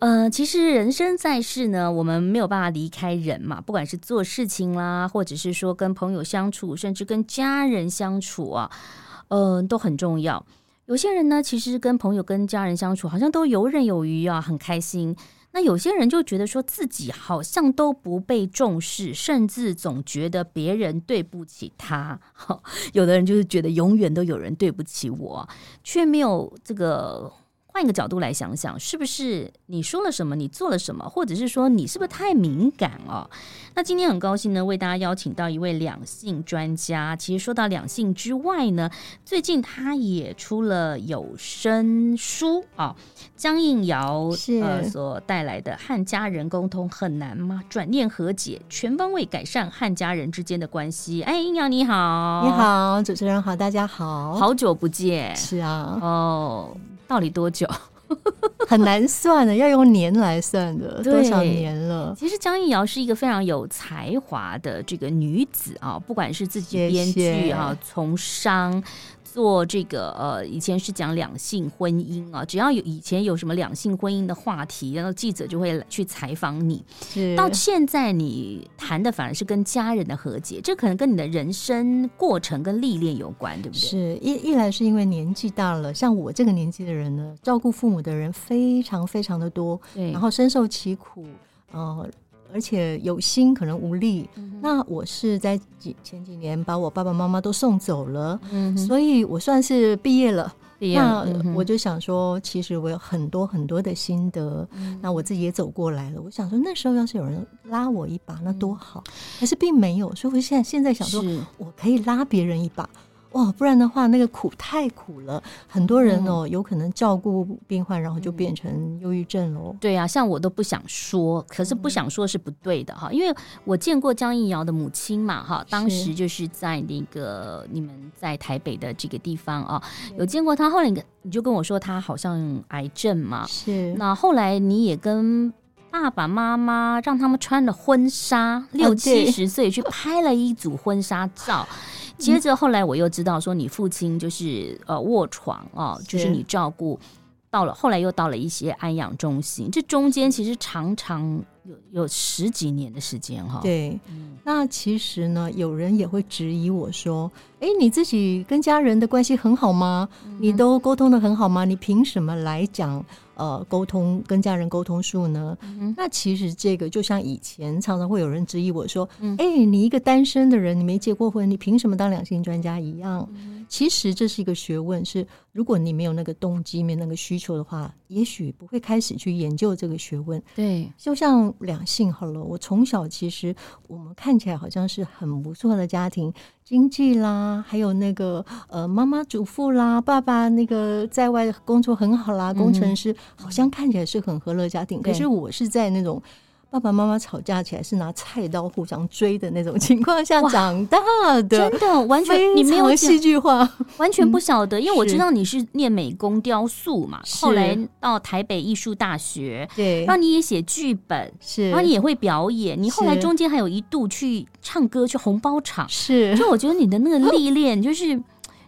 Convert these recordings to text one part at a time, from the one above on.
呃，其實人生在世呢，我們沒有辦法離開人嘛，不管是做事情啦，或者是說跟朋友相處，甚至跟家人相處啊，嗯、呃，都很重要。有些人呢，其實跟朋友、跟家人相處，好像都游刃有餘啊，很開心。那有些人就覺得說自己好像都不被重視，甚至總覺得別人對不起他。有的人就是覺得永遠都有人對不起我，卻沒有這個。換一個角度來想想，是不是你說了什麼，你做了什麼，或者是說你是不是太敏感了、哦？那今天很高興呢，為大家邀請到一位兩性專家。其實說到兩性之外呢，最近他也出了有聲書啊、哦，江映瑤是呃所帶來的《和家人溝通很難嗎？轉念和解，全方位改善和家人之間的關係》。哎，映瑤你好，你好，主持人好，大家好好久不見，是啊，哦。到底多久？ 很難算的，要用年來算的， 多少年了？其實江映瑤是一個非常有才華的這個女子啊，不管是自己編劇啊，謝謝從商。做這個呃，以前是講兩性婚姻啊，只要有以前有什麼兩性婚姻的話題，然後記者就會去採訪你。是到現在你談的反而是跟家人的和解，這可能跟你的人生過程跟歷練有關，對不對？是，一，一來是因為年紀大了，像我這個年紀的人呢，照顧父母的人非常非常的多，然後深受其苦，嗯、呃。而且有心可能無力、嗯，那我是在幾前幾年把我爸爸媽媽都送走了、嗯，所以我算是畢業了。那我就想說、嗯，其實我有很多很多的心得、嗯，那我自己也走過來了。我想說，那時候要是有人拉我一把，那多好。嗯、可是並沒有，所以我現在現在想說，我可以拉別人一把。哦，不然的話，那個苦太苦了，很多人哦，嗯、有可能照顧病患，然後就變成憂鬱症哦。對啊，像我都不想說，可是不想說是不對的哈、嗯，因為我見過江映瑤的母親嘛哈，當時就是在那個你們在台北的這個地方啊，有見過她，後來你你就跟我說她好像癌症嘛，是那後來你也跟爸爸媽媽讓他們穿了婚紗，哦、六七十歲去拍了一組婚紗照。 接着後來，我又知道說你父親就是呃臥床啊、哦，就是你照顧到了，後來又到了一些安養中心，這中間其實常常有有十幾年的時間哈、哦。對，那其實呢，有人也會質疑我說，哎、欸，你自己跟家人的關係很好嗎？你都溝通得很好嗎？你憑什麼來講？呃，溝通跟家人溝通術呢、嗯？那其實這個就像以前常常會有人質疑我說：“哎、嗯欸，你一個單身的人，你沒結過婚，你憑什麼當兩性專家一樣？”嗯其實這是一個學問，是如果你沒有那個動機、沒有那個需求的話，也許不會開始去研究這個學問。對，就像兩性，好了，我從小其實我們看起來好像是很不錯的家庭經濟啦，還有那個呃媽媽主婦啦，爸爸那個在外工作很好啦，工程師，嗯、好像看起來是很和樂家庭。可是我是在那種。爸爸媽媽吵架起來是拿菜刀互相追的那種情況下長大的，真的完全你沒有戲劇化，完全不曉得。因為我知道你是念美工雕塑嘛，後來到台北藝術大學，對，然後你也寫劇本，是，然後你也會表演。你後來中間還有一度去唱歌去紅包場，是。就我覺得你的那個歷練，就是、哦、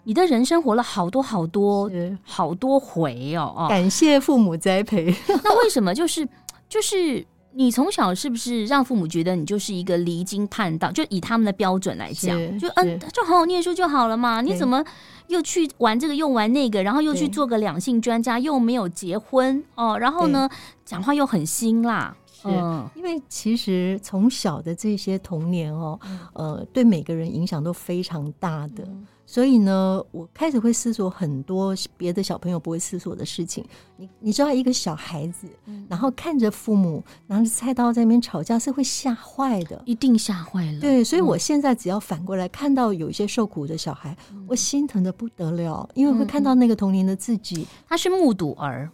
你的人生活了好多好多，好多回哦，哦。感謝父母栽培。那為什麼就是就是？你從小是不是讓父母覺得你就是一個離經叛道？就以他們的標準來講，就嗯、呃，就好好念書就好了嘛。你怎麼又去玩這個，又玩那個，然後又去做個兩性專家，又沒有結婚哦？然後呢，講話又很辛辣。是、嗯，因為其實從小的這些童年哦，呃，對每個人影響都非常大的。嗯所以呢，我開始會思索很多別的小朋友不會思索的事情。你你知道，一個小孩子，嗯，然後看着父母拿着菜刀在那邊吵架，是會嚇壞的，一定嚇壞了。對，嗯，所以我現在只要反過來看到有一些受苦的小孩，嗯，我心疼得不得了，因為會看到那個童年的自己，嗯嗯，他是目睹兒，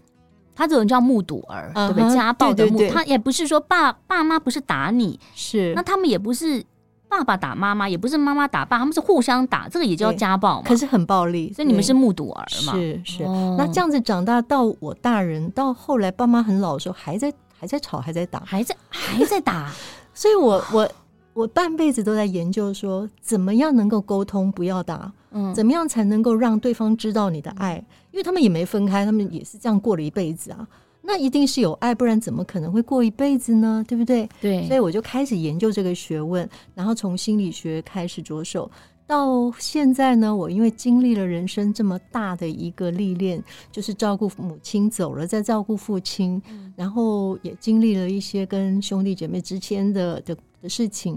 他這種叫目睹兒，嗯，對不對？家暴的目對對對，他也不是說爸爸媽不是打你，是那他們也不是。爸爸打媽媽，也不是媽媽打爸，他們是互相打，這個也叫家暴嘛？可是很暴力，所以你們是目睹兒嘛？是是。那這樣子長大到我大人，到後來爸媽很老的時候，還在還在吵，還在打，還在還在打。 所以我我我半輩子都在研究說，怎麼樣能夠溝通，不要打？嗯，怎麼樣才能夠讓對方知道你的愛？因為他們也沒分開，他們也是這樣過了一輩子啊。那一定是有愛，不然怎麼可能會過一輩子呢？對不對？對，所以我就開始研究這個學問，然後從心理學開始着手。到現在呢，我因為經歷了人生這麼大的一個歷練，就是照顧母親走了，再照顧父親。嗯、然後也經歷了一些跟兄弟姐妹之間的的的事情。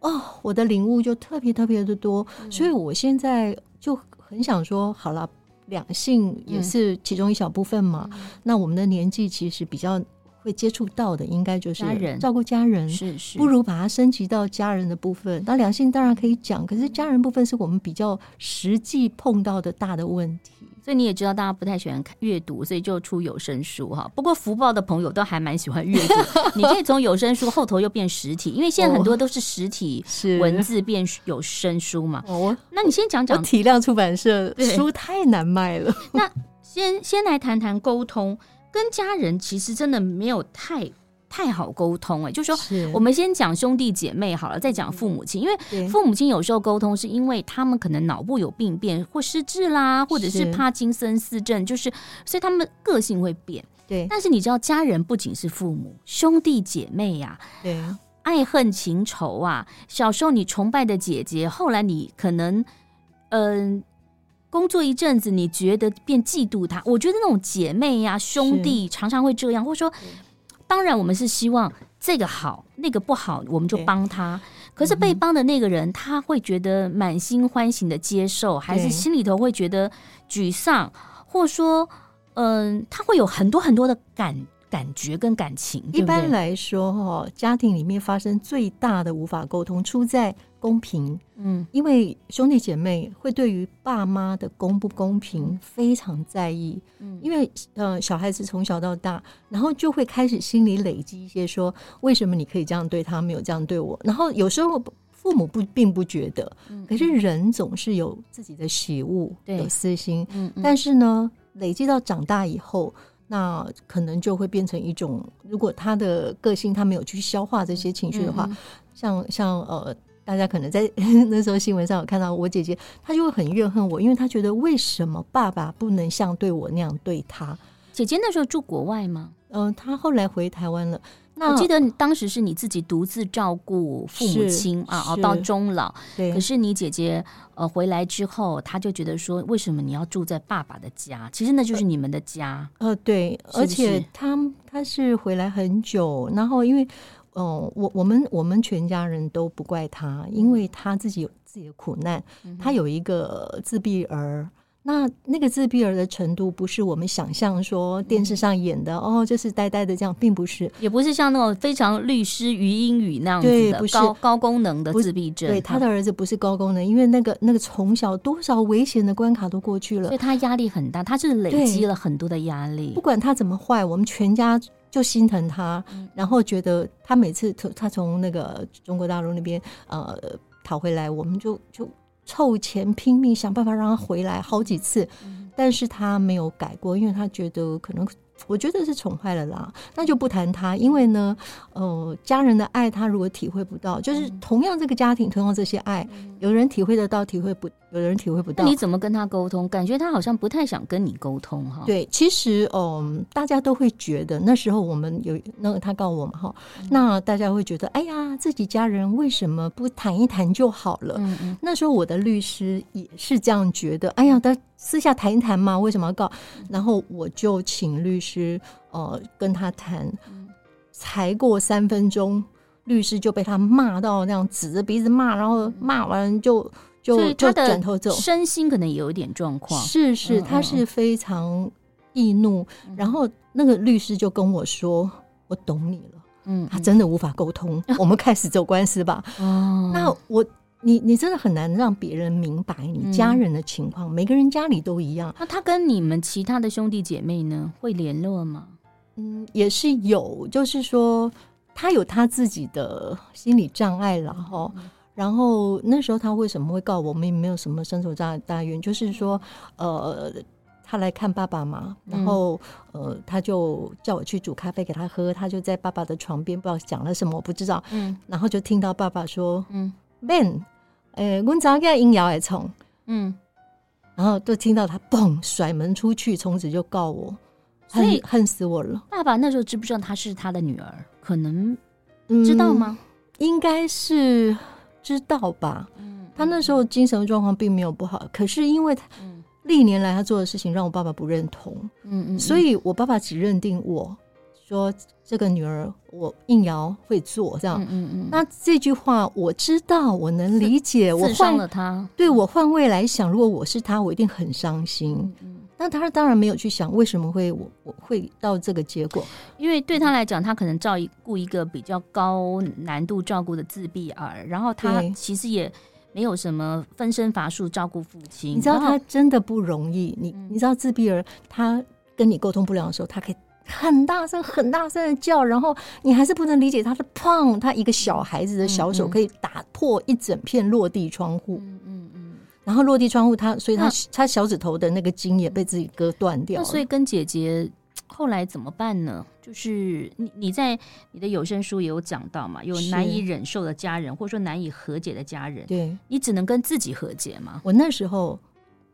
哦，我的領悟就特別特別的多，嗯、所以我現在就很想說，好了。兩性也是其中一小部分嘛，嗯，那我們的年紀其實比較會接觸到的，應該就是照顧家人，家人，不如把它升級到家人的部分。那兩性當然可以講，可是家人部分是我們比較實際碰到的大的問題。所以你也知道，大家不太喜歡看閱讀，所以就出有聲書哈。不過福報的朋友都還蠻喜歡閱讀， 你可以從有聲書後頭又變實體，因為現在很多都是實體文字變有聲書嘛。哦，那你先講講體諒出版社書太難賣了。那先先來談談溝通，跟家人其實真的沒有太。太好溝通哎、欸，就是說，我們先講兄弟姐妹好了，再講父母親，因為父母親有時候溝通是因為他們可能腦部有病變或失智啦，或者是帕金森氏症，就是所以他們個性會變。對，但是你知道，家人不僅是父母、兄弟姐妹呀、啊，對、啊，愛恨情仇啊，小時候你崇拜的姐姐，後來你可能嗯、呃，工作一陣子，你覺得變嫉妒她。我覺得那種姐妹呀、啊、兄弟常常會這樣，或者說。當然，我們是希望這個好，那個不好，我們就幫他。可是被幫的那個人，嗯、他會覺得滿心歡喜的接受，還是心裡頭會覺得沮喪，或說，嗯、呃，他會有很多很多的感感覺跟感情。對，對，一般來說，哈，家庭裡面發生最大的無法溝通，出在。公平，嗯，因為兄弟姐妹會對於爸媽的公不公平非常在意，嗯，因為呃，小孩子從小到大，然後就會開始心裡累積一些說，為什麼你可以這樣對他，沒有這樣對我？然後有時候父母不並不覺得，可是人總是有自己的喜惡，對、嗯，有私心嗯，嗯，但是呢，累積到長大以後，那可能就會變成一種，如果他的個性他沒有去消化這些情緒的話，嗯嗯嗯，、像像呃。大家可能在那時候新聞上有看到我姐姐，她就會很怨恨我，因為她覺得為什麼爸爸不能像對我那樣對她。姐姐那時候住國外嗎？嗯、呃，她後來回台灣了。那我記得當時是你自己獨自照顧父母親啊，熬到終老。對。可是你姐姐呃回來之後，她就覺得說，為什麼你要住在爸爸的家？其實那就是你們的家。呃，是不是？呃對。而且她她是回來很久，然後因為。哦，我我們我們全家人都不怪他，因為他自己有自己的苦難，嗯。他有一個自閉兒，那那個自閉兒的程度不是我們想象說電視上演的、嗯、哦，就是呆呆的這樣，並不是，也不是像那種非常律師禹英禑那樣子的高高功能的自閉症。對他的兒子不是高功能，因為那個那個從小多少危險的關卡都過去了，所以他壓力很大，他是累積了很多的壓力。不管他怎麼壞，我們全家。就心疼他，然後覺得他每次他從那個中國大陸那邊呃逃回來，我們就就湊錢拼命想辦法讓他回來好幾次，但是他沒有改過，因為他覺得可能我覺得是寵壞了啦。那就不談他，因為呢，呃，家人的愛他如果體會不到，就是同樣這個家庭同樣這些愛，有人體會得到，體會不。有的人體會不到，你怎麼跟他溝通？感覺他好像不太想跟你溝通，哈。對，其實嗯，大家都會覺得那時候我們有那個他告我們哈、嗯，那大家會覺得哎呀，自己家人為什麼不談一談就好了？嗯嗯。那時候我的律師也是這樣覺得，哎呀，他私下談一談嘛，為什麼要告？嗯、然後我就請律師呃跟他談，才過三分鐘，律師就被他罵到那樣，指着鼻子罵，然後罵完就。就他的身心可能也有點狀況，是是嗯嗯，他是非常易怒。然後那個律師就跟我說：“嗯、我懂你了，嗯，嗯，他真的無法溝通、嗯。我們開始走官司吧。”哦，那我你你真的很難讓別人明白你家人的情況、嗯。每個人家裡都一樣。那他跟你們其他的兄弟姐妹呢？會聯絡嗎？嗯，也是有，就是說他有他自己的心理障礙、嗯，然後。然後那時候他為什麼會告我？我們也沒有什麼深仇大大怨，就是說，呃，他來看爸爸嘛，然後、嗯、呃，他就叫我去煮咖啡給他喝，他就在爸爸的床邊，不知道講了什麼，我不知道。嗯。然後就聽到爸爸說：“嗯，Ben，誒、呃，我早間音搖也蟲。”嗯。然後就聽到他砰甩門出去，從此就告我，恨所以恨死我了。爸爸那時候知不知道他是他的女兒？可能知道嗎？嗯、應該是。知道吧？他那時候精神狀況並沒有不好，可是因為他歷年來他做的事情讓我爸爸不認同，嗯嗯嗯，所以我爸爸只認定我，說這個女兒我映瑤會做，這樣，嗯嗯嗯，那這句話我知道，我能理解，我換了他，我對我換位來想，如果我是他，我一定很傷心。嗯那他當然沒有去想為什麼會我我會到這個結果，因為對他來講，他可能照顧一個比較高難度照顧的自閉兒，然後他其實也沒有什麼分身乏術照顧父親。你知道他真的不容易。嗯、你你知道自閉兒，他跟你溝通不了的時候，他可以很大聲很大聲的叫，然後你還是不能理解他的砰，他一個小孩子的小手可以打破一整片落地窗戶。嗯嗯。嗯嗯然後落地窗戶他，他所以他他小指頭的那個筋，也被自己割斷掉。那所以跟姐姐後來怎麼辦呢？就是你你在你的有聲書也有講到嘛，有難以忍受的家人，或者說難以和解的家人，對，你只能跟自己和解嗎。我那時候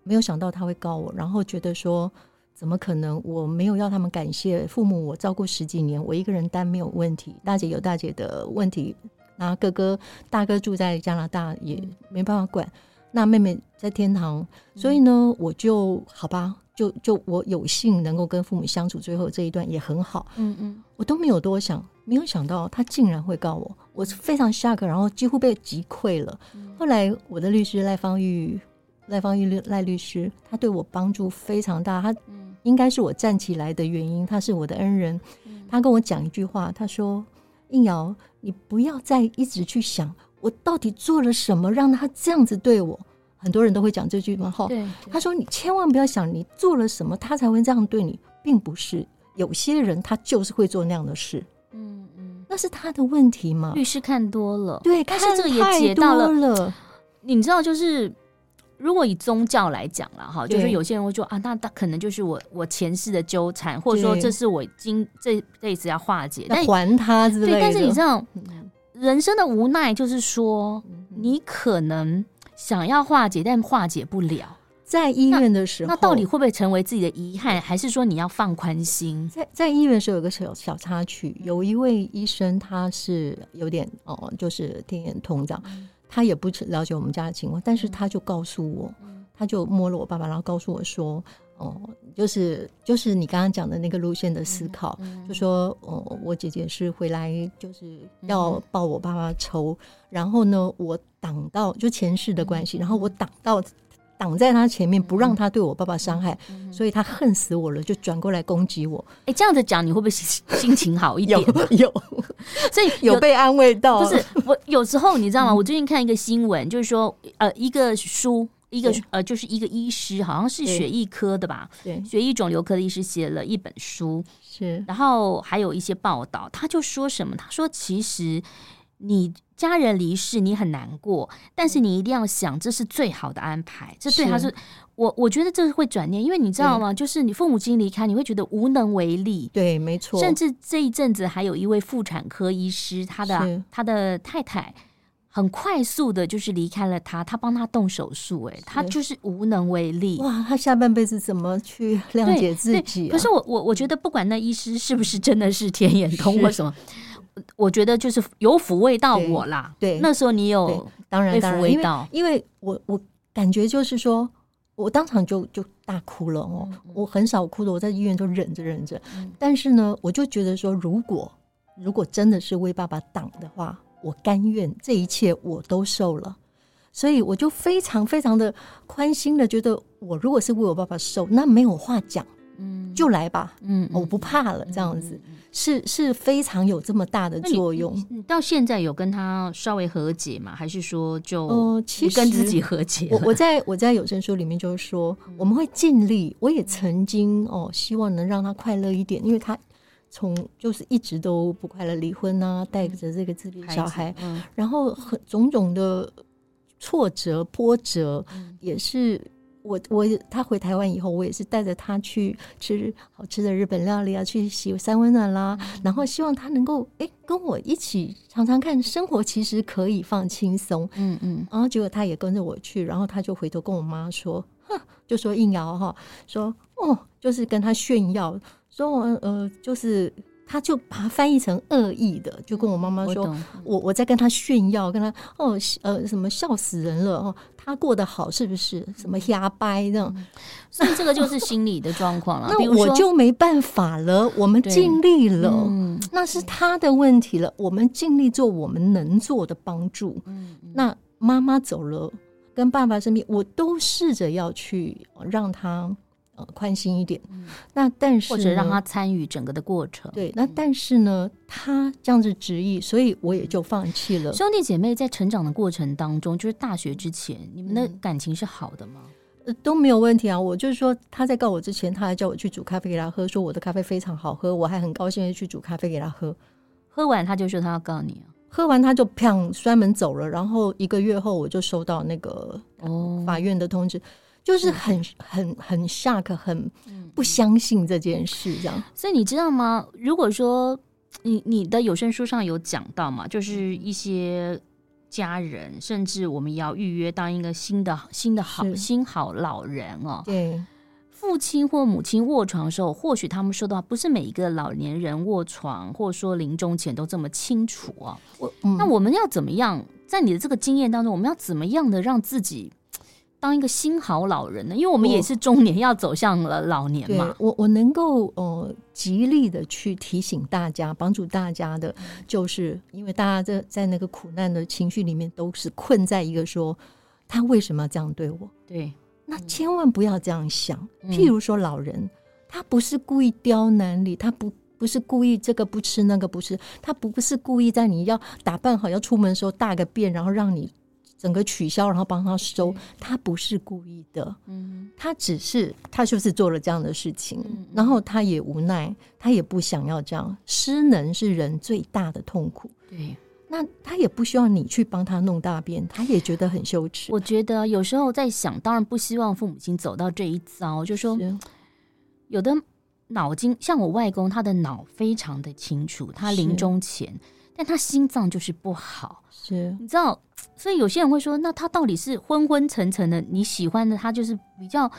沒有想到他會告我，然後覺得說怎麼可能？我沒有要他們感謝父母，我照顧十幾年，我一個人擔沒有問題。大姐有大姐的問題，那哥哥大哥住在加拿大也沒辦法管。那妹妹在天堂，嗯、所以呢，我就好吧，就就我有幸能夠跟父母相處，最後這一段也很好，嗯嗯，我都沒有多想，沒有想到他竟然會告我，嗯、我是非常 shock，然後幾乎被擊潰了。嗯、後來我的律師賴芳玉、賴芳玉賴律師，他對我幫助非常大，他應該是我站起來的原因，他是我的恩人。嗯、他跟我講一句話，他說：“映瑤，你不要再一直去想。”我到底做了什麼讓他這樣子對我？很多人都會講這句嘛，哈、嗯。對，他說你千萬不要想你做了什麼，他才會這樣對你，並不是。有些人他就是會做那樣的事，嗯嗯，那是他的問題嗎？律師看多了，對，也太多了，但是這個也解到了。你知道，就是如果以宗教來講了哈，就是有些人會說啊，那他可能就是我我前世的糾纏，或者說這是我今這一次要化解，但還他之類。對，但是你知道。人生的無奈就是說，你可能想要化解，但化解不了。在醫院的時候，那，那到底會不會成為自己的遺憾，還是說你要放寬心？在在醫院的時候，有個小小插曲，有一位醫生，他是有點哦，就是天眼通的，他也不了解我們家的情況，但是他就告訴我，他就摸了我爸爸，然後告訴我說。哦，就是就是你剛剛講的那個路線的思考，嗯嗯、就說哦，我姐姐是回來就是要報我爸爸仇，嗯、然後呢，我擋到就前世的關係，嗯、然後我擋到擋在他前面、嗯，不讓他對我爸爸傷害、嗯，所以他恨死我了，就轉過來攻擊我。哎，這樣子講你會不會心情好一點？ 有，有， 所以有，有被安慰到。就是我有時候你知道嗎、嗯？我最近看一個新聞，就是說呃，一個書。一個呃，就是一個醫師，好像是血液科的吧，對，血液腫瘤科的醫師寫了一本書，是，然後還有一些報道，他就說什麼？他說其實你家人離世，你很難過，但是你一定要想，這是最好的安排，嗯、這對他是我我覺得這是會轉念，因為你知道嗎？就是你父母親已經離開，你會覺得無能為力，對，沒錯，甚至這一陣子還有一位婦產科醫師，他的他的太太。很快速的，就是離開了他。他幫他動手術，欸，哎，他就是無能為力。哇，他下半輩子怎麼去諒解自己啊？可是我我我覺得，不管那醫師是不是真的是天眼通或什麼，我覺得就是有撫慰到我啦。對。對，那時候你有當然撫慰到，因為我我感覺就是說我當場就就大哭了哦。嗯、我很少哭的，我在醫院都忍着忍着。嗯。但是呢，我就覺得說，如果如果真的是為爸爸擋的話。我甘願這一切我都受了，所以我就非常非常的寬心的，覺得我如果是為我爸爸受，那沒有話講，嗯，就來吧，嗯，我不怕了，嗯、這樣子、嗯、是是非常有這麼大的作用。你到現在有跟他稍微和解嗎？還是說就其實跟自己和解、呃。我我在我在有聲書裡面就是說，嗯、我們會盡力。我也曾經哦，希望能讓他快樂一點，因為他。從就是一直都不快樂，離婚啊，帶、嗯、着這個自閉小孩,孩、嗯，然後種種的挫折、嗯、波折，也是我我他回台灣以後，我也是帶着他去吃好吃的日本料理啊，去洗三溫暖啦、嗯，然後希望他能夠哎跟我一起常常看生活，其實可以放輕鬆，嗯嗯，然後結果他也跟着我去，然後他就回頭跟我媽說，哼，就說映瑤，哈，說哦，就是跟他炫耀。說，呃，就是他就把它翻譯成惡意的，嗯、就跟我媽媽說，我我，我在跟他炫耀，跟他哦，呃，什麼笑死人了哦，他過得好是不是？什麼瞎掰的、嗯？所以這個就是心理的狀況了、啊。 那我就沒辦法了，我們盡力了，那是他的問題了，我們盡力做我們能做的幫助、嗯。那媽媽走了，跟爸爸身邊，我都試着要去讓他。呃，寬心一點。嗯、那但是或者讓他參與整個的過程。對，那但是呢，嗯、他這樣子執意，所以我也就放棄了、嗯。兄弟姐妹在成長的過程當中，就是大學之前、嗯，你們的感情是好的嗎？呃，都沒有問題啊。我就是說，他在告我之前，他還叫我去煮咖啡給他喝，說我的咖啡非常好喝，我還很高興的去煮咖啡給他喝。喝完他就說他要告你啊，喝完他就砰摔門走了。然後一個月後，我就收到那個哦法院的通知。哦就是很是很很 shock，很不相信這件事，這樣、嗯。所以你知道嗎？如果說你你的有聲書上有講到嘛，就是一些家人，嗯、甚至我們要預約當一個新的新的好新好老人哦。對，父親或母親臥床的時候，或許他們說的話不是每一個老年人臥床或者說臨終前都這麼清楚哦。嗯、我那我們要怎麼樣？在你的這個經驗當中，我們要怎麼樣的讓自己？當一個新好老人呢？因為我們也是中年，要走向了老年嘛。我我,我能夠呃極力的去提醒大家，幫助大家的，就是因為大家在在那個苦難的情緒裡面，都是困在一個說他為什麼要這樣對我？對，那千萬不要這樣想。嗯，譬如說老人，他不是故意刁難你，他不不是故意這個不吃那個不吃，他不是故意在你要打扮好要出門的時候大個便，然後讓你。整個取消，然後幫他收，他不是故意的，嗯，他只是他就是做了這樣的事情，嗯，然後他也無奈，他也不想要這樣，失能是人最大的痛苦，對，那他也不需要你去幫他弄大便，他也覺得很羞恥。我覺得有時候在想，當然不希望父母親走到這一遭，就是、說是有的腦筋像我外公，他的腦非常的清楚，他臨終前。但他心臟就是不好，是你知道，所以有些人會說，那他到底是昏昏沉沉的，你喜歡的他就是比較，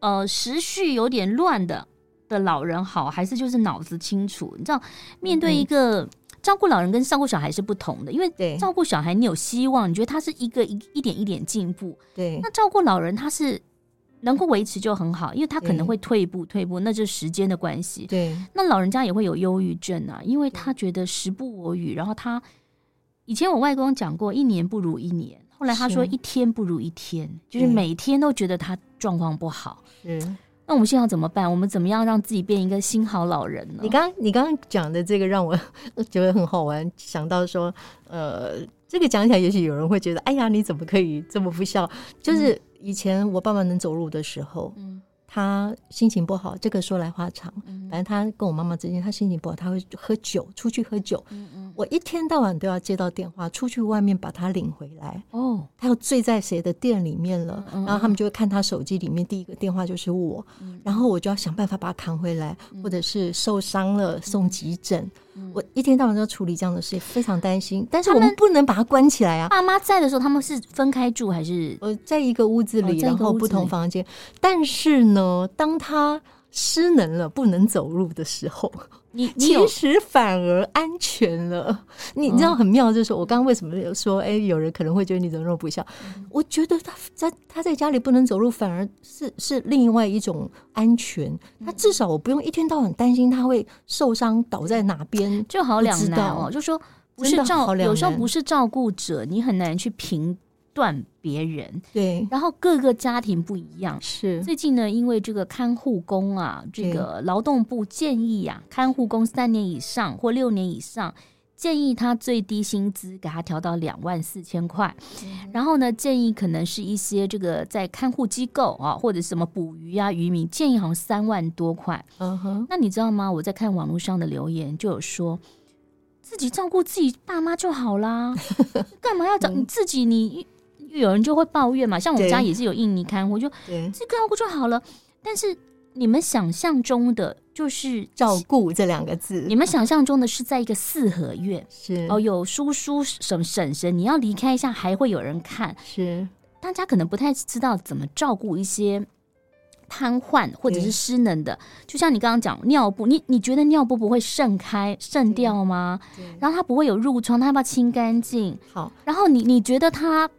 呃，時序有點亂的的老人好，還是就是腦子清楚？你知道，面對一個，Okay. 照顧老人跟照顧小孩是不同的，因為照顧小孩你有希望，你覺得他是一個一一點一點進步，對，那照顧老人他是。能夠維持就很好，因為他可能會退步，嗯、退步，那就是時間的關係。對，那老人家也會有憂鬱症啊，因為他覺得時不我與，然後他以前，我外公講過，一年不如一年，後來他說一天不如一天，就是每天都覺得他狀況不好。嗯，那我們現在要怎麼辦？我們怎麼樣讓自己變一個新好老人呢？你剛你剛剛講的這個讓我覺得很好玩，想到說，呃，這個講起來，也許有人會覺得，哎呀，你怎麼可以這麼不孝？就是。嗯以前我爸爸能走路的時候，嗯，他心情不好，這個說來話長。嗯嗯，反正他跟我媽媽之間，他心情不好，他會喝酒，出去喝酒嗯嗯。我一天到晚都要接到電話，出去外面把他領回來。哦，他要醉在誰的店裡面了嗯嗯，然後他們就會看他手機裡面第一個電話就是我，嗯，然後我就要想辦法把他扛回來，嗯嗯，或者是受傷了送急診。我一天到晚都要處理這樣的事，非常擔心。但是我們不能把他關起來啊！爸媽在的時候，他們是分開住還是？呃，在一個屋子裡，哦，在一個屋子裡。然後不同房間。嗯。但是呢，當他……失能了，不能走路的時候，你，你其實反而安全了。你知道很妙，就是說、嗯、我剛剛為什麼有說，哎、欸，有人可能會覺得你怎麼那麼不孝？嗯、我覺得他在他在家裡不能走路，反而是是另外一種安全。他至少我不用一天到晚擔心他會受傷倒在哪邊，就好兩難哦。就說不是照，有時候不是照顧者，你很難去評。斷別人對，然後各個家庭不一樣。是最近呢，因為這個看護工啊，這個勞動部建議啊，看護工三年以上或六年以上，建議他最低薪資給他調到兩萬四千塊。嗯、然後呢，建議可能是一些這個在看護機構啊，或者什麼捕魚啊漁民，建議好像三萬多塊。Uh-huh. 那你知道嗎？我在看網絡上的留言，就有說自己照顧自己爸媽就好啦， 幹嘛要找、嗯、你自己？你。有人就會抱怨嘛，像我們家也是有印尼看護，我就這看顧就好了。但是你們想象中的就是“照顧”這兩個字，你們想象中的是在一個四合院，是哦，有叔叔、什麼嬸嬸，你要離開一下，還會有人看。是，大家可能不太知道怎麼照顧一些癱瘓或者是失能的。嗯、就像你剛剛講尿布，你你覺得尿布不會滲開滲掉嗎？然後它不會有褥瘡，它要不要清乾淨？好，然後你你覺得它？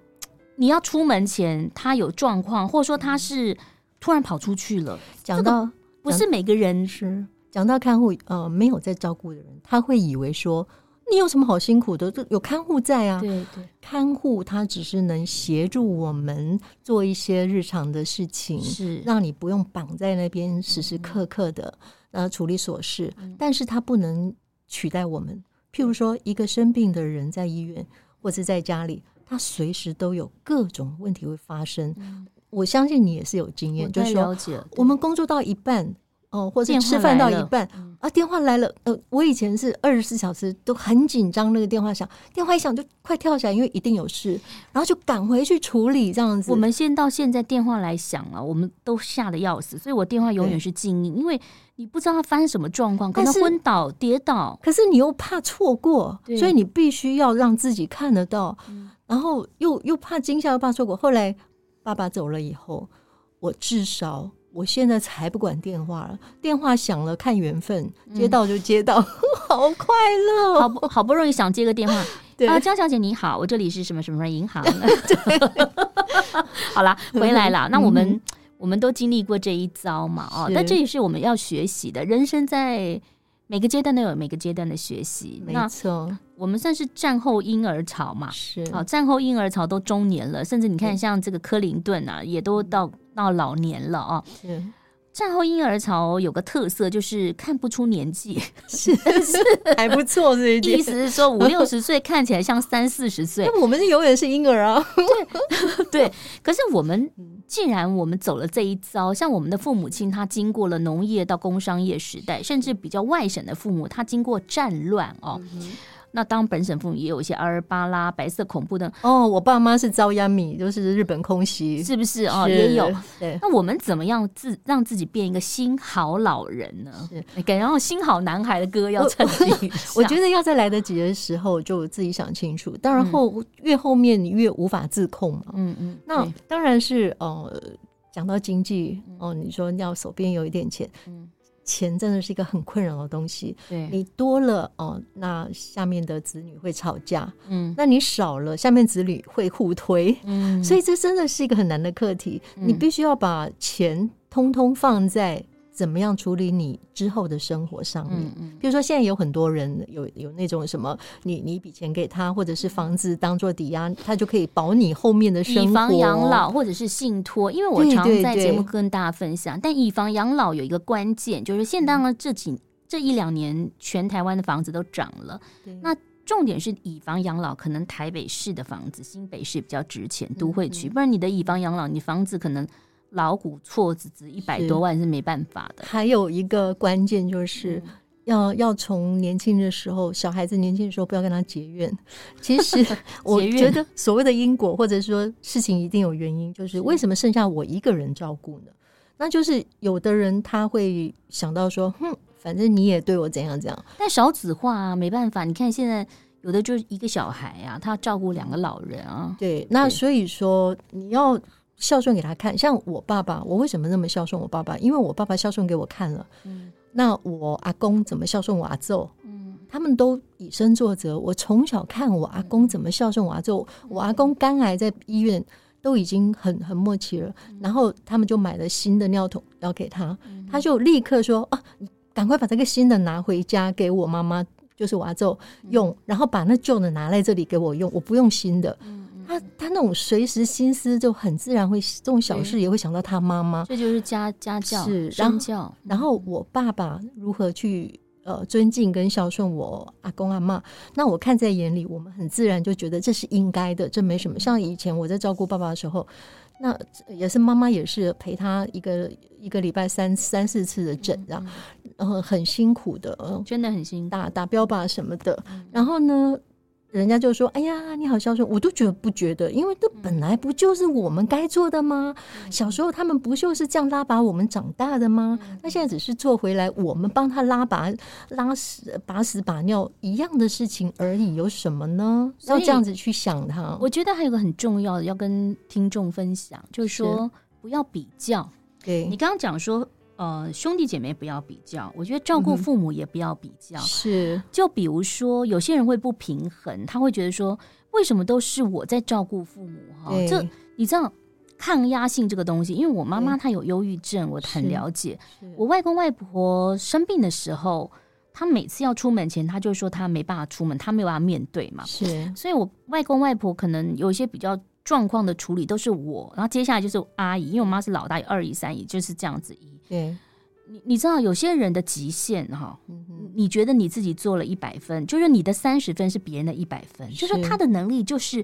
你要出門前，他有狀況，或者說他是突然跑出去了。講到、這個、不是每個人是講到看護呃沒有在照顧的人，他會以為說你有什麼好辛苦的？這有看護在啊。對對，看護他只是能協助我們做一些日常的事情，是讓你不用綁在那邊時時刻刻的呃處理瑣事、嗯，但是他不能取代我們。譬如說一個生病的人在醫院或是在家裡。他隨時都有各種問題會發生，嗯、我相信你也是有經驗，就是說我們工作到一半，哦、呃，或者吃飯到一半啊，電話來了，呃，我以前是二十四小時都很緊張，那個電話響，電話一響就快跳起來，因為一定有事，然後就趕回去處理這樣子。我們先到現在電話來響了，啊，我們都嚇得要死，所以我電話永遠是靜音，因為你不知道他發生什麼狀況，可能昏倒、跌倒，可是你又怕錯過，所以你必須要讓自己看得到。嗯然後又又怕驚嚇，又怕錯過。後來爸爸走了以後，我至少我現在才不管電話了。電話響了，看緣分，接到就接到、嗯呵呵，好快樂。好不，好不容易想接個電話，啊、呃，江小姐你好，我這裡是什麼什麼銀行的？對 好啦，回來了。嗯、那我們、嗯、我們都經歷過這一遭嘛哦，哦，但這也是我們要學習的。人生在每個階段都有每個階段的學習，沒錯。那我們算是戰後嬰兒潮嘛？是，好、哦，戰後嬰兒潮都中年了，甚至你看像這個克林頓啊，也都到、嗯、到老年了啊、哦。是戰後嬰兒潮有個特色，就是看不出年紀，是， 是還不錯這一點。意思是說，五六十歲看起來像三四十歲， 我們是永遠是嬰兒啊。 對，對。可是我們既然我們走了這一遭，像我們的父母親，他經過了農業到工商業時代，甚至比較外省的父母，他經過戰亂哦。嗯那當本省父母也有一些二二八啦、白色恐怖的哦，我爸媽是遭殃米，就是日本空襲，是不是哦？是，也有對。那我們怎麼樣自讓自己變一個新好老人呢？是，感覺新好男孩的歌要唱。我覺得要在來得及的時候就自己想清楚，當然後、嗯、越後面越無法自控嘛。嗯嗯。那當然是哦、呃，講到經濟哦、呃，你說要手邊有一點錢，嗯。錢真的是一個很困擾的東西。對。你多了哦，那下面的子女會吵架。嗯，那你少了，下面子女會互推。嗯，所以這真的是一個很難的課題。嗯，你必須要把錢通通放在。怎麼樣處理你之後的生活上面？嗯，嗯，比如說現在有很多人有有那種什麼，你你一筆錢給他，或者是房子當做抵押，嗯，他就可以保你後面的生活，以房養老或者是信託。因為我常在節目跟大家分享，對對對，但以房養老有一個關鍵，就是現在呢這幾、嗯，這一兩年，全台灣的房子都漲了。那重點是，以房養老，可能台北市的房子，新北市比較值錢，都會區，嗯嗯，不然你的以房養老，你房子可能。老古錯子值一百多萬是沒辦法的。還有一個關鍵就是、嗯、要要從年輕的時候，小孩子年輕的時候不要跟他結怨。其實 我覺得所謂的因果或者說事情一定有原因，就是為什麼剩下我一個人照顧呢？那就是有的人他會想到說，哼、嗯，反正你也對我怎樣怎樣。但少子化、啊、沒辦法，你看現在有的就是一個小孩啊，他要照顧兩個老人啊。對，那所以說你要。孝順給他看，像我爸爸，我為什麼那麼孝順我爸爸？因為我爸爸孝順給我看了、嗯。那我阿公怎麼孝順我阿嗯，他們都以身作則。我從小看我阿公怎麼孝順我阿、嗯、我阿公肝癌在醫院，都已經很很默契了、嗯。然後他們就買了新的尿桶要給他，嗯、他就立刻說趕、啊、快把這個新的拿回家給我媽媽，就是我阿用、嗯，然後把那舊的拿在這裡給我用，我不用新的。嗯他他那種隨時心思就很自然，會這種小事也會想到他媽媽，這就是家家教，是家教。然後，然後我爸爸如何去呃尊敬跟孝順我阿公阿嬤，那我看在眼裡，我們很自然就覺得這是應該的，這沒什麼。嗯、像以前我在照顧爸爸的時候，那也是媽媽也是陪他一個一個禮拜三三四次的診啊，然、嗯、後、嗯呃、很辛苦的，真的很辛苦。打打標靶什麼的，然後呢？人家就說：“哎呀，你好孝順！”說我都覺得不覺得，因為這本來不就是我們該做的嗎、嗯？小時候他們不就是這樣拉拔我們長大的嗎？那、嗯、現在只是做回來，我們幫他拉拔、拉屎、把屎把尿一樣的事情而已，有什麼呢？要這樣子去想他。我覺得還有個很重要的要跟聽眾分享，就是說是不要比較。對、okay. 你剛剛講說。呃，兄弟姐妹不要比較，我覺得照顧父母也不要比較。嗯、是，就比如說有些人會不平衡，他會覺得說，為什麼都是我在照顧父母、啊？哈、欸，就你知道抗壓性這個東西，因為我媽媽她有憂鬱症、欸，我很了解。我外公外婆生病的時候，她每次要出門前，她就說她沒辦法出門，她沒有辦法面對嘛。是，所以我外公外婆可能有一些比較狀況的處理都是我，然後接下來就是阿姨，因為我媽是老大，有二姨、三姨，就是這樣子。對，你你知道有些人的極限，哈、嗯，你覺得你自己做了一百分，就是你的三十分是別人的一百分，就是他的能力就是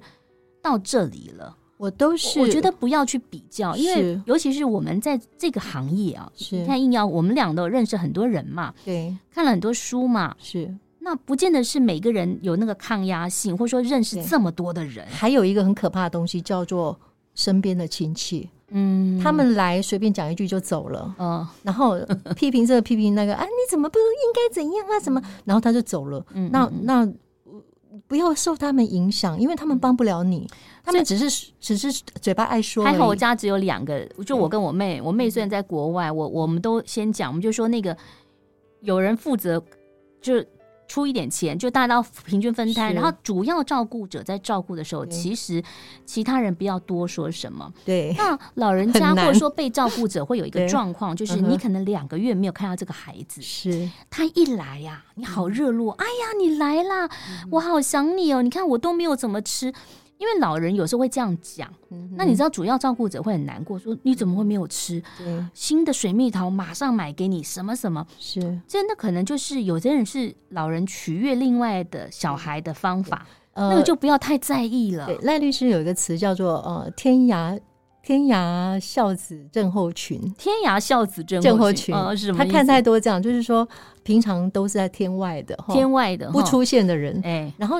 到這裡了。我都是我覺得不要去比較，因為尤其是我們在這個行業啊，是你看，硬要我們倆都認識很多人嘛，對，看了很多書嘛，是。那不見得是每個人有那個抗壓性，或者說認識這麼多的人，還有一個很可怕的東西叫做身邊的親戚。嗯，他們來隨便講一句就走了。嗯，然後批評這個批評那個 啊，你怎麼不應該怎樣啊？怎麼？然後他就走了。嗯，嗯，那那不要受他們影響，因為他們幫不了你、嗯，他們只是只是嘴巴愛說。還好我家只有兩個，就我跟我妹、嗯。我妹雖然在國外，我我們都先講，我們就說那個有人負責就。出一點錢，就大家都平均分攤，然後主要照顧者在照顧的時候，其實其他人不要多說什麼。對，那老人家或者說被照顧者會有一個狀況， 就是你可能兩個月沒有看到這個孩子，是、嗯，他一來呀、啊，你好熱絡、嗯，哎呀，你來啦、嗯，我好想你哦，你看我都沒有怎麼吃。因為老人有時候會這樣講，那你知道主要照顧者會很難過，說你怎麼會沒有吃？嗯、對新的水蜜桃馬上買給你，什麼什麼？是，真的可能就是有些人是老人取悅另外的小孩的方法，嗯呃、那個就不要太在意了。賴律師有一個詞叫做呃“天涯天涯孝子症候群”，“天涯孝子症候群”是什麼、呃、他看太多這樣，就是說。平常都是在天外的，天外的不出現的人，哎、欸，然後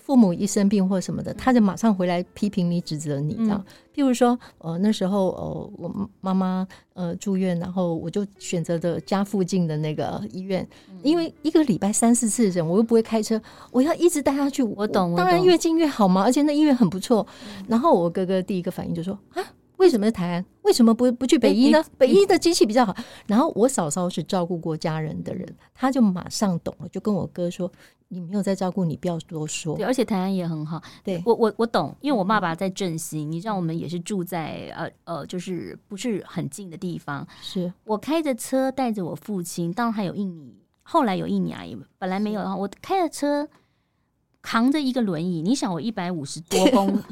父母一生病或什麼的，嗯、他就馬上回來批評你、指責你，嗯、這樣譬如說，呃，那時候，呃，我媽媽呃住院，然後我就選擇的家附近的那個醫院，嗯、因為一個禮拜三四次的人，我又不會開車，我要一直帶他去我我，我懂，當然越近越好嘛，而且那醫院很不錯、嗯。然後我哥哥第一個反應就說啊。為什麼是台南？為什麼不不去北醫呢？北醫的機器比較好。然後我嫂嫂是照顧過家人的人，他就馬上懂了，就跟我哥說：“你沒有在照顧，你不要多說。”對，而且台南也很好。對我，我我懂，因為我爸爸在振興，你知道，我們也是住在呃呃，就是不是很近的地方。是我開着車帶着我父親，當然還有印尼，後來有印尼阿姨，也本來沒有的話，我開着車。扛着一個輪椅，你想我一百五十多公公、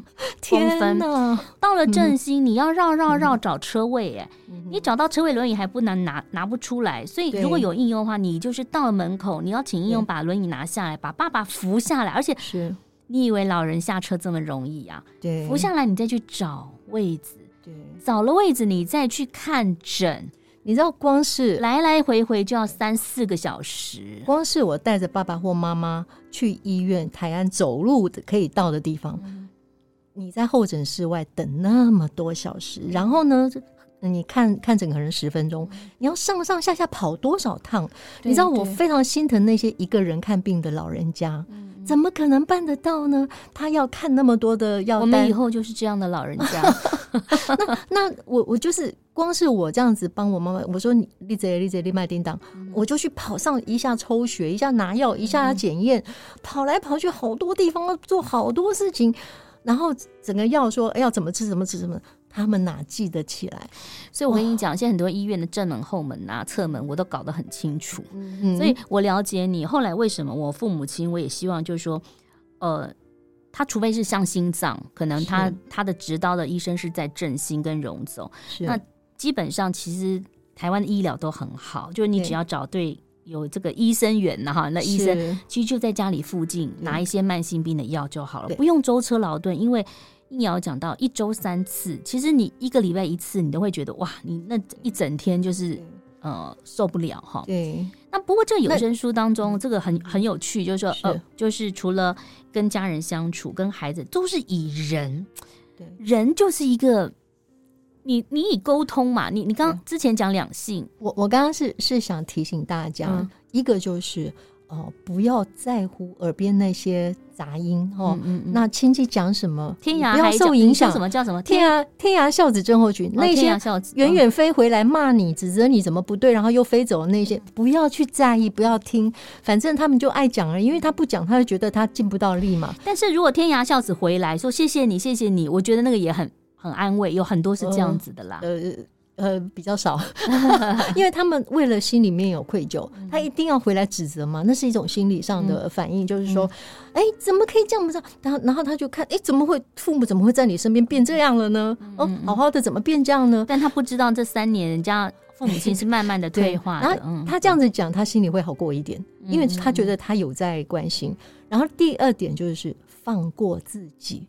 天啊、 分、天啊，到了振興，嗯，你要繞繞繞，繞、嗯、找車位、嗯，你找到車位，輪椅還不難拿，拿不出來。所以如果有應用的話，你就是到了門口，你要請應用把輪椅拿下來，把爸爸扶下來。而且，你以為老人下車這麼容易啊？對，扶下來你再去找位置，對，找了位置你再去看診。你知道，光是來來回回就要三四個小時。光是我帶着爸爸或媽媽去醫院，台安走路的可以到的地方，嗯、你在候診室外等那麼多小時，然後呢？你看看整個人十分鐘，你要上上下下跑多少趟？你知道我非常心疼那些一個人看病的老人家，怎麼可能辦得到呢？他要看那麼多的藥單，我們以後就是這樣的老人家。 那那我我就是光是我這樣子幫我媽媽，我說你麗姐麗姐麗麥叮當、嗯，我就去跑上一下抽血，一下拿藥，一下檢驗、嗯，跑來跑去好多地方，做好多事情，然後整個藥說、哎、要怎麼吃，怎麼吃，怎麼。他們哪記得起來？所以我跟你講，現在很多醫院的正門、後門吶、啊、側門，我都搞得很清楚、嗯。所以我了解你。後來為什麼我父母親，我也希望就是說，呃，他除非是像心臟，可能他他的直刀的醫生是在振興跟榮總。那基本上其實台灣的醫療都很好，就是你只要找對有這個醫生緣哈，那醫生其實就在家裡附近拿一些慢性病的藥就好了，嗯、不用舟車勞頓，因為。你要講到一周三次，其實你一個禮拜一次，你都會覺得哇，你那一整天就是呃受不了哈。對。那不過這有聲書當中，這個很很有趣，就是說是呃，就是除了跟家人相處、跟孩子，都是以人，對人就是一個，你你以溝通嘛，你你剛剛之前講兩性，我我剛剛是是想提醒大家，嗯，一個就是。哦，不要在乎耳邊那些雜音哦。嗯嗯、那親戚講什麼，天涯不要受影響，什麼叫什麼？天涯天涯,天涯孝子症候群，那些、嗯、遠遠飛回來罵你、指責你怎麼不對，然後又飛走了那些、嗯，不要去在意，不要聽，反正他們就愛講而已。因為他不講，他就覺得他盡不到力嘛。但是如果天涯孝子回來說謝謝你，謝謝你，我覺得那個也很很安慰。有很多是這樣子的啦。呃呃呃，比較少， 因為他們為了心裡面有愧疚， 他一定要回來指責嘛，那是一種心理上的反應，嗯、就是說，哎、嗯，怎麼可以這樣子？然、嗯、後，然後他就看，哎，怎麼會父母怎麼會在你身邊變這樣了呢、嗯嗯？哦，好好的怎麼變這樣呢？但他不知道這三年人家父母親是慢慢的退化的。哎、他這樣子講、嗯，他心裡會好過一點、嗯，因為他覺得他有在關心、嗯嗯。然後第二點就是放過自己。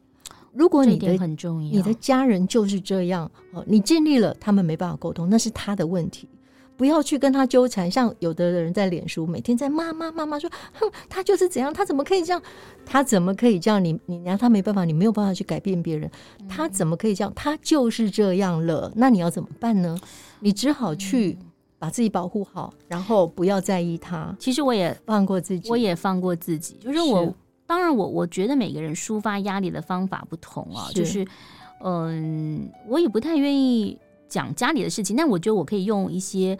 如果你的很重要你的家人就是這樣哦，你盡力了，他們沒辦法溝通，那是他的問題，不要去跟他糾纏。像有的人在臉書每天在罵罵罵罵，說哼，他就是怎樣，他怎麼可以這樣，他怎麼可以這樣？這樣你你拿他沒辦法，你沒有辦法去改變別人、嗯，他怎麼可以這樣？他就是這樣了，那你要怎麼辦呢？你只好去把自己保護好，嗯、然後不要在意他。其實我也放過自己，我也放過自己，就是我。是當然我，我我覺得每個人抒發壓力的方法不同啊，是就是，嗯、呃，我也不太願意講家裡的事情，但我覺得我可以用一些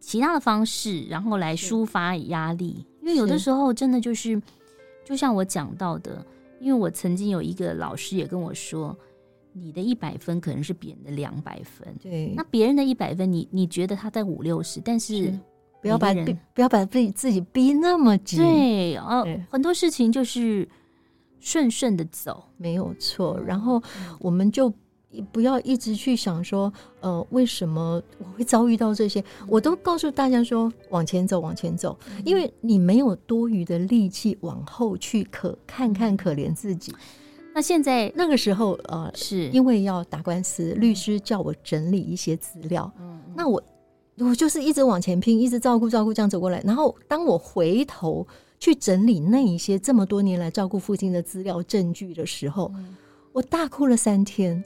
其他的方式，然後來抒發壓力，因為有的時候真的就是、是，就像我講到的，因為我曾經有一個老師也跟我說，你的一百分可能是別人的兩百分，對，那別人的一百分你，你你覺得他在五六十，但是。是不要把不要把自己自己逼那麼緊。對，哦，對，很多事情就是順順的走，沒有錯。然後我們就不要一直去想說，呃，為什麼我會遭遇到這些？我都告訴大家說，往前走，往前走，因為你沒有多餘的力氣往後去可，可看看可憐自己。那現在那個時候，呃，是因為要打官司，律師叫我整理一些資料，嗯。那我。我就是一直往前拼，一直照顧照顧，這樣走過來。然後當我回頭去整理那一些這麼多年來照顧父親的資料證據的時候，嗯，我大哭了三天。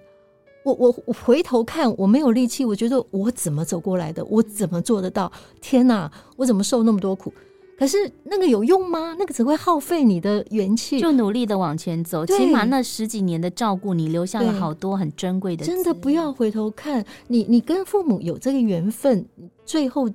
我我，我回頭看，我沒有力氣，我覺得我怎麼走過來的？我怎麼做得到？天哪！我怎麼受那麼多苦？可是那個有用嗎？那個只會耗費你的元氣，就努力的往前走。起碼那十幾年的照顧，你留下了好多很珍貴的。真的不要回頭看，你你跟父母有這個緣分，最後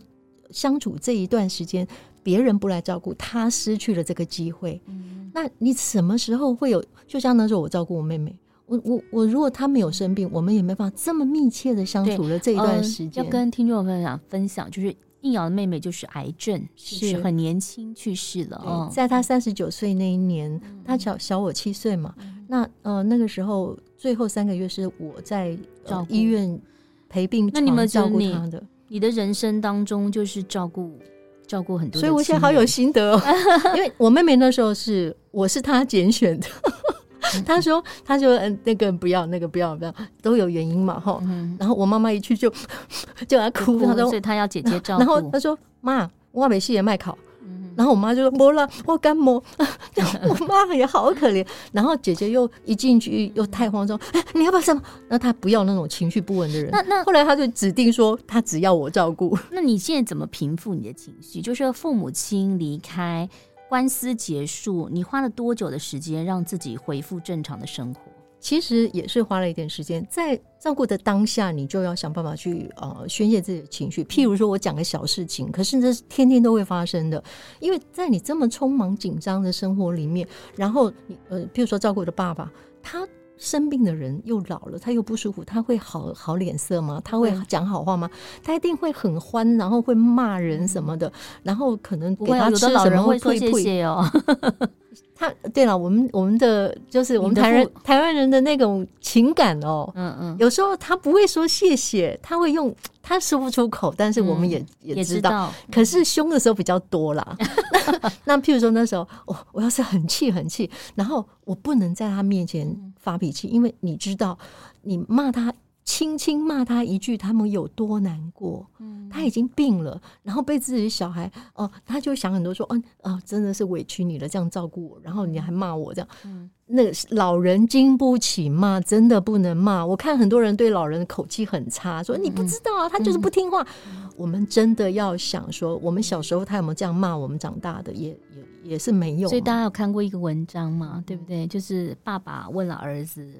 相處這一段時間，別人不來照顧，他失去了這個機會。嗯。那你什麼時候會有？就像那時候我照顧我妹妹，我我我，我如果她沒有生病，我們也沒辦法這麼密切的相處了這一段時間。呃。要跟聽眾朋友分享分享，就是。映瑤的妹妹就是癌症，是、就是、很年輕去世了，在她三十九歲那一年，她、嗯、小小我七歲嘛。嗯、那呃那個時候最後三個月是我在、呃、醫院陪病床。那你們你照顧她的。你的人生當中就是照顧照顧很多人，所以我現在好有心得，哦， 因為我妹妹那時候是我是她揀選的。 他說：“他說，嗯，那個不要，那個不要，不要，都有原因嘛，吼、嗯。然後我媽媽一去就就要哭，他說所以他要姐姐照顧。然後他說：媽，我沒事，也賣考。然後我媽就說：摸 了，我幹麼？ 我媽也好可憐。 然後姐姐又一進去又太慌張，哎、嗯，你要不要什麼？那他不要那種情緒不穩的人。那那後來他就指定說，他只要我照顧。那你現在怎麼平復你的情緒？就是父母親離開。”官司結束，你花了多久的時間讓自己恢復正常的生活？其實也是花了一點時間，在照顧的當下，你就要想辦法去呃宣洩自己的情緒。譬如說我講個小事情，可是這是天天都會發生的，因為在你這麼匆忙緊張的生活裡面，然後你呃，譬如說照顧的爸爸，他。生病的人又老了，他又不舒服，他會好好臉色嗎？他會講好話嗎？他一定會很歡，然後會罵人什麼的，嗯、然後可能給他吃什麼、啊、有的老人會吐血哦。 他對了，我們我們的就是我們台灣台灣人的那種情感哦，嗯嗯，有時候他不會說謝謝，他會用他說不出口，但是我們也、嗯、也知也知道，可是凶的時候比較多啦。 那譬如說那時候我我要是很氣很氣，然後我不能在他面前發脾氣，因為你知道你罵他。輕輕罵他一句，他們有多難過？他已經病了，然後被自己的小孩哦，他就想很多，說，嗯、哦，哦，真的是委屈你了，這樣照顧我，然後你還罵我，這樣，嗯，那老人經不起罵，真的不能罵。我看很多人對老人的口氣很差，說你不知道啊，他就是不聽話。嗯嗯。我們真的要想說，我們小時候他有沒有這樣罵我們長大的？也也也是沒有。所以大家有看過一個文章嘛，對不對？就是爸爸問了兒子，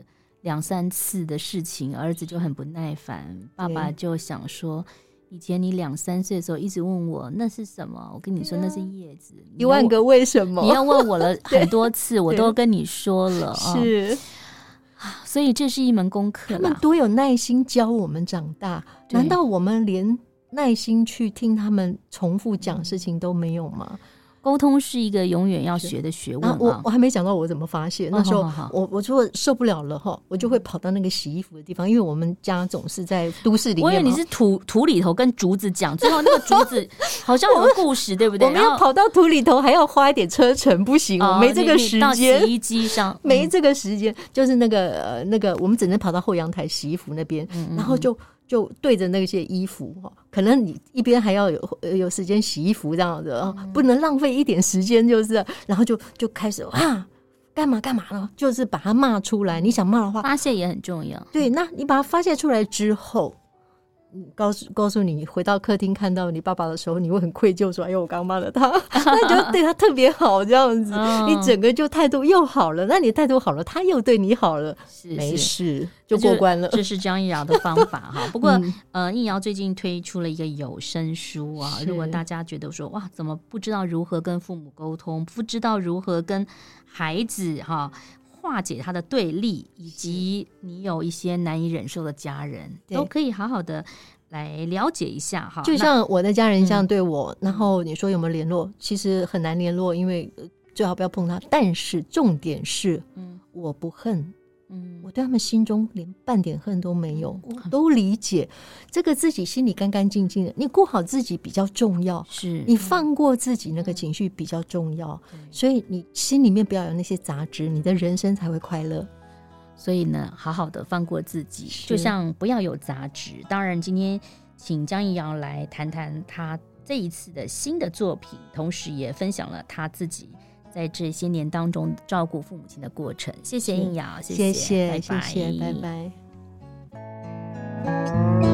兩三次的事情，兒子就很不耐煩，爸爸就想說，以前你兩三歲的時候一直問我那是什麼，我跟你說、啊、那是葉子，一萬個為什麼，你要問我了很多次， 我都跟你說了，哦、是啊，所以這是一門功課，他們多有耐心教我們長大，難道我們連耐心去聽他們重複講事情都沒有嗎？溝通是一個永遠要學的學問、啊、我我還沒想到我怎麼發洩，那時候我我如果受不了了哈，我就會跑到那個洗衣服的地方，因為我們家總是在都市裡面，我以為你是土土裡頭跟竹子講， 最後那個竹子好像有故事， 對不對？我們要跑到土裡頭， 還要花一點車程，不行，哦、沒這個時間。洗衣機上、嗯、沒這個時間，就是那個、呃、那個，我們只能跑到後陽台洗衣服那邊、嗯嗯，然後就。就對着那些衣服，可能你一邊還要有有時間洗衣服這樣子，不能浪費一點時間就是，然後就就開始啊，幹嘛幹嘛呢，就是把它罵出來。你想罵的話，發洩也很重要。對，那你把它發洩出來之後。告訴告訴你，回到客廳看到你爸爸的時候，你會很愧疚說：“哎呦，我剛罵了他。 ”那你就對他特別好，這樣子、 嗯，你整個就態度又好了。那你態度好了，他又對你好了，是是沒事是是就過關了。這是江映瑤的方法哈。 不過，嗯、呃，映瑤最近推出了一個有聲書啊。如果大家覺得說哇，怎麼不知道如何跟父母溝通，不知道如何跟孩子哈、啊？化解他的對立，以及你有一些難以忍受的家人，都可以好好的來了解一下哈。就像我的家人這樣對我，嗯，然後你說有沒有聯絡？其實很難聯絡，因為最好不要碰他。但是重點是，我不恨。嗯嗯，我對他們心中連半點恨都沒有，哦，都理解。這個自己心裡乾乾淨淨的，你顧好自己比較重要。是你放過自己那個情緒比較重要，嗯，所以你心裡面不要有那些雜質，嗯，你的人生才會快樂。所以呢，好好的放過自己，就像不要有雜質。當然，今天請江映瑤來談談他這一次的新的作品，同時也分享了他自己，在這些年當中照顧父母親的過程，謝謝映瑤，謝謝，謝謝，拜拜。謝謝拜拜。